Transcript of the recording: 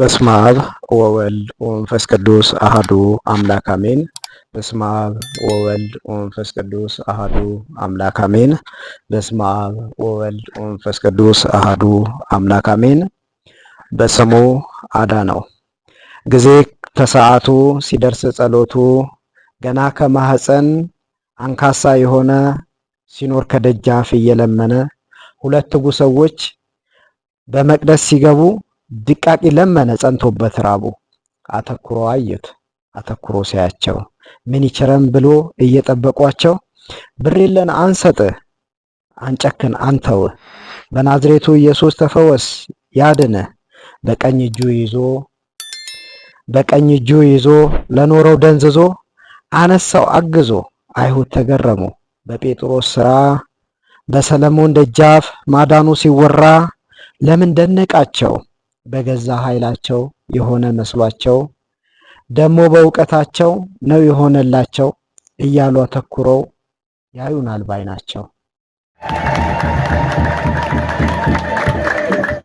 በስመ አብ ወወልድ ወመንፈስ ቅዱስ አህዱ አምላክ አሜን። በስመ አብ ወወልድ ወመንፈስ ቅዱስ አሃዱ አምላክ አሜን። በስመ አብ ወወልድ ወመንፈስ ቅዱስ አሃዱ አምላክ አሜን። በስሙ ነው። ጊዜ ከሰዓቱ ሲደርስ ጸሎቱ ገና ከማህፀን አንካሳ የሆነ ሲኖር ከደጃፍ እየለመነ ሁለት ጉሰዎች ሰዎች በመቅደስ ሲገቡ ድቃቂ ለመነ ጸንቶበት ራቡ አተኩሮ አዩት አተኩሮ ሲያቸው ምን ይችረም ብሎ እየጠበቋቸው ብር የለን አንጨክን አንተው በናዝሬቱ ኢየሱስ ተፈወስ ያድነ በቀኝ እጁ ይዞ በቀኝ እጁ ይዞ ለኖረው ደንዝዞ አነሳው አግዞ አይሁድ ተገረሙ በጴጥሮስ ስራ በሰለሞን ደጃፍ ማዳኑ ሲወራ ለምን ደነቃቸው? በገዛ ኃይላቸው የሆነ መስሏቸው ደግሞ በእውቀታቸው ነው የሆነላቸው እያሉ አተኩረው ያዩናል ባይ ናቸው።